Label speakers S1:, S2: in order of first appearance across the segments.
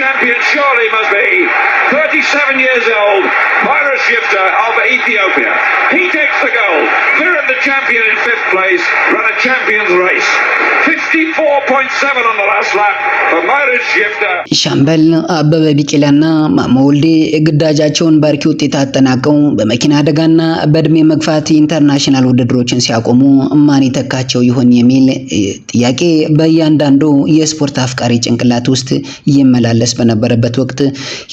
S1: champion surely must be 37 years old, Miras Shifter of Ethiopia. He takes the gold. Virat the champion in fifth place, run a champion's race.
S2: ሻምበል አበበ ቢቂላና ማሞ ወልዴ ግዳጃቸውን በአርኪ ውጤት አጠናቀው በመኪና አደጋና በእድሜ መግፋት ኢንተርናሽናል ውድድሮችን ሲያቆሙ ማን ይተካቸው ይሆን የሚል ጥያቄ በእያንዳንዱ የስፖርት አፍቃሪ ጭንቅላት ውስጥ ይመላለስ በነበረበት ወቅት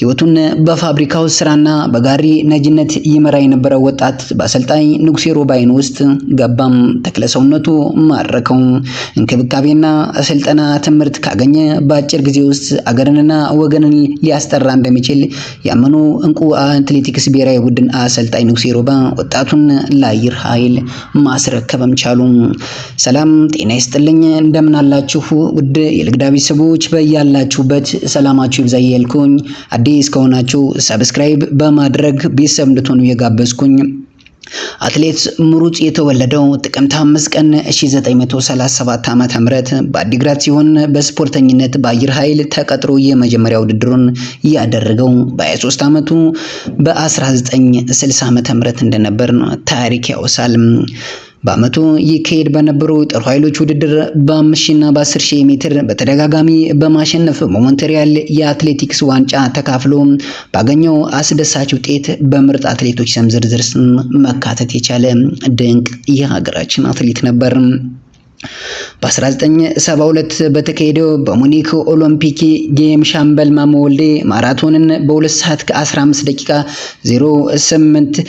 S2: ህይወቱን በፋብሪካ ውስጥ ስራና በጋሪ ነጂነት ይመራ የነበረው ወጣት በአሰልጣኝ ንጉሴ ሮባይን ውስጥ ገባም። ተክለሰውነቱ ማረከው እንክብካቤ ግንዛቤና ስልጠና ትምህርት ካገኘ በአጭር ጊዜ ውስጥ አገርንና ወገንን ሊያስጠራ እንደሚችል ያመኑ እንቁ አትሌቲክስ ብሔራዊ ቡድን አሰልጣኝ ንጉሴ ሮባ ወጣቱን ለአየር ኃይል ማስረከብም ቻሉ። ሰላም ጤና ይስጥልኝ፣ እንደምን አላችሁ ውድ የልግዳ ቤተሰቦች፣ በያላችሁበት ሰላማችሁ ይብዛ እያልኩኝ አዲስ ከሆናችሁ ሰብስክራይብ በማድረግ ቤተሰብ እንድትሆኑ እየጋበዝኩኝ አትሌት ሙሩፅ የተወለደው ጥቅምት 5 ቀን 1937 ዓ.ም በአዲግራት ሲሆን በስፖርተኝነት በአየር ኃይል ተቀጥሮ የመጀመሪያ ውድድሩን ያደረገው በ23 ዓመቱ በ1960 ዓ.ም እንደነበር ታሪክ ያወሳል። በዓመቱ ይካሄድ በነበሩ የጦር ኃይሎች ውድድር በአምስት ሺና በአስር ሺህ ሜትር በተደጋጋሚ በማሸነፍ በሞንትሪያል የአትሌቲክስ ዋንጫ ተካፍሎ ባገኘው አስደሳች ውጤት በምርጥ አትሌቶች ስም ዝርዝር መካተት የቻለ ድንቅ የሀገራችን አትሌት ነበር። በ1972 በተካሄደው በሙኒክ ኦሎምፒክ ጌም ሻምበል ማሞ ወልዴ ማራቶንን በ2 ሰዓት ከ15 ደቂቃ 08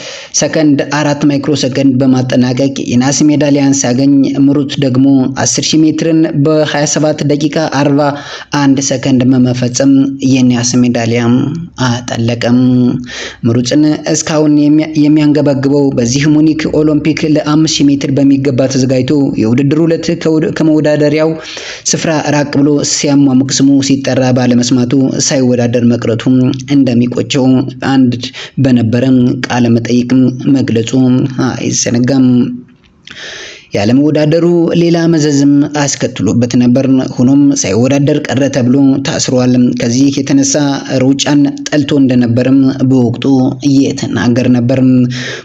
S2: ሰከንድ 4 ማይክሮ ሰከንድ በማጠናቀቅ የናስ ሜዳሊያን ሲያገኝ ምሩት ደግሞ 10000 ሜትርን በ27 ደቂቃ 41 ሰከንድ በመፈጸም የናስ ሜዳሊያም አጠለቀም። ምሩጽን እስካሁን የሚያንገበግበው በዚህ ሙኒክ ኦሎምፒክ ለ5000 ሜትር በሚገባ ተዘጋጅቶ የውድድሩ ሂደት ከመወዳደሪያው ስፍራ ራቅ ብሎ ሲያሟሙቅ ስሙ ሲጠራ ባለመስማቱ ሳይወዳደር መቅረቱ እንደሚቆጨው አንድ በነበረ ቃለ መጠይቅ መግለጹ አይዘነጋም። ያለመወዳደሩ ሌላ መዘዝም አስከትሎበት ነበር። ሆኖም ሳይወዳደር ቀረ ተብሎ ታስሯል። ከዚህ የተነሳ ሩጫን ጠልቶ እንደነበርም በወቅቱ እየተናገር ነበር።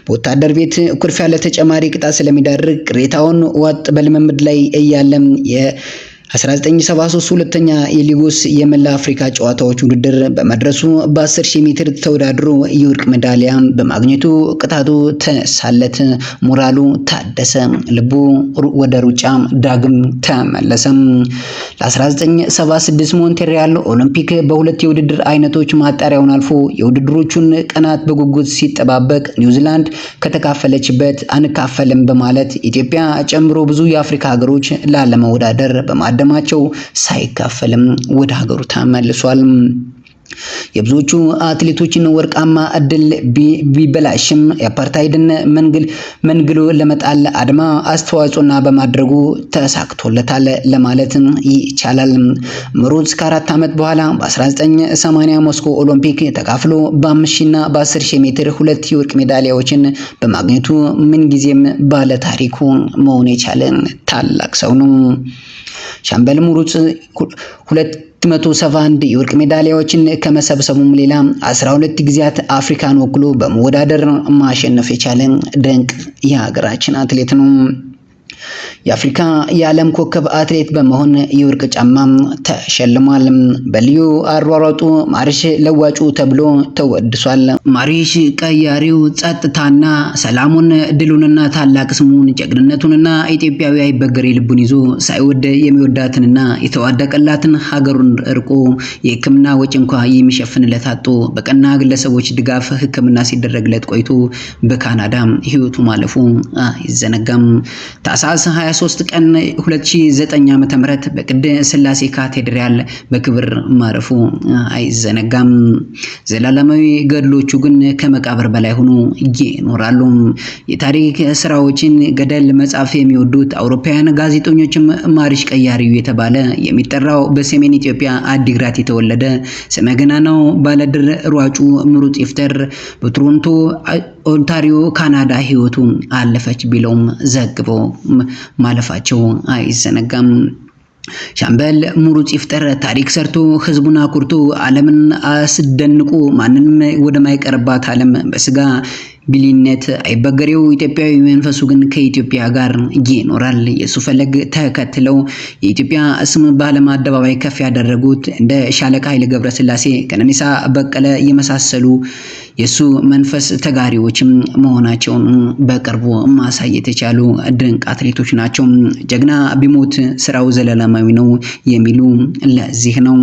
S2: በወታደር ቤት ኩርፊያ ለተጨማሪ ቅጣት ስለሚዳርግ ቅሬታውን ዋጥ በልምምድ ላይ እያለም 1973 ሁለተኛ የሊጎስ የመላ አፍሪካ ጨዋታዎች ውድድር በመድረሱ በ 10000 ሜትር ተወዳድሮ የወርቅ ሜዳሊያ በማግኘቱ ቅጣቱ ተነሳለት። ሞራሉ ታደሰ፣ ልቡ ወደ ሩጫ ዳግም ተመለሰም። ለ1976 ሞንቴሪያል ኦሎምፒክ በሁለት የውድድር አይነቶች ማጣሪያውን አልፎ የውድድሮቹን ቀናት በጉጉት ሲጠባበቅ ኒውዚላንድ ከተካፈለችበት አንካፈልም በማለት ኢትዮጵያ ጨምሮ ብዙ የአፍሪካ ሀገሮች ላለመወዳደር በማድረግ በማደማቸው ሳይካፈልም ወደ ሀገሩ ተመልሷል። የብዙዎቹ አትሌቶችን ወርቃማ እድል ቢበላሽም የአፓርታይድን መንግሎ ለመጣል አድማ አስተዋጽኦና በማድረጉ ተሳክቶለታል ለማለት ይቻላል። ምሩጽ ከአራት ዓመት በኋላ በ1980 ሞስኮ ኦሎምፒክ ተካፍሎ በ 5 ና በ10000 ሜትር ሁለት የወርቅ ሜዳሊያዎችን በማግኘቱ ምንጊዜም ባለ ታሪኩ መሆን የቻለ ታላቅ ሰው ነው። ሻምበል ምሩጽ ሁለት 271 የወርቅ ሜዳሊያዎችን ከመሰብሰቡም ሌላ 12 ጊዜያት አፍሪካን ወክሎ በመወዳደር ማሸነፍ የቻለ ድንቅ የሀገራችን አትሌት ነው። የአፍሪካ የዓለም ኮከብ አትሌት በመሆን የወርቅ ጫማም ተሸልሟል። በልዩ አሯሯጡ ማሪሽ ለዋጩ ተብሎ ተወድሷል። ማሪሽ ቀያሪው ጸጥታና ሰላሙን ድሉንና ታላቅ ስሙን ጀግንነቱንና ኢትዮጵያዊ አይበገሬ ልቡን ይዞ ሳይወድ የሚወዳትንና የተዋደቀላትን ሀገሩን እርቆ የሕክምና ወጪ እንኳ የሚሸፍንለት አጦ በቀና ግለሰቦች ድጋፍ ሕክምና ሲደረግለት ቆይቶ በካናዳ ሕይወቱ ማለፉ አይዘነጋም። ታህሳስ 23 ቀን 2009 ዓ.ም በቅድስት ሥላሴ ካቴድራል በክብር ማረፉ አይዘነጋም። ዘላለማዊ ገድሎቹ ግን ከመቃብር በላይ ሆኖ ይኖራሉ። የታሪክ ስራዎችን ገደል መጻፍ የሚወዱት አውሮፓውያን ጋዜጠኞችም ማሪሽ ቀያሪው የተባለ የሚጠራው በሰሜን ኢትዮጵያ አዲግራት የተወለደ ስመ ባለድር ሯጩ ምሩጽ ይፍጠር በቶሮንቶ ኦንታሪዮ ካናዳ ህይወቱ አለፈች ቢለውም ዘግቦ ማለፋቸው አይዘነጋም። ሻምበል ሙሩፅ ይፍጠር ታሪክ ሰርቶ ህዝቡን አኩርቶ ዓለምን አስደንቁ ማንንም ወደማይቀርባት ዓለም በስጋ ቢሊነት አይበገሬው ኢትዮጵያዊ መንፈሱ ግን ከኢትዮጵያ ጋር ይኖራል። የሱ ፈለግ ተከትለው የኢትዮጵያ ስም በዓለም አደባባይ ከፍ ያደረጉት እንደ ሻለቃ ኃይለ ገብረስላሴ፣ ቀነኒሳ በቀለ የመሳሰሉ የሱ መንፈስ ተጋሪዎችም መሆናቸውን በቅርቡ ማሳየት የቻሉ ድንቅ አትሌቶች ናቸው። ጀግና ቢሞት ስራው ዘላለማዊ ነው የሚሉ ለዚህ ነው።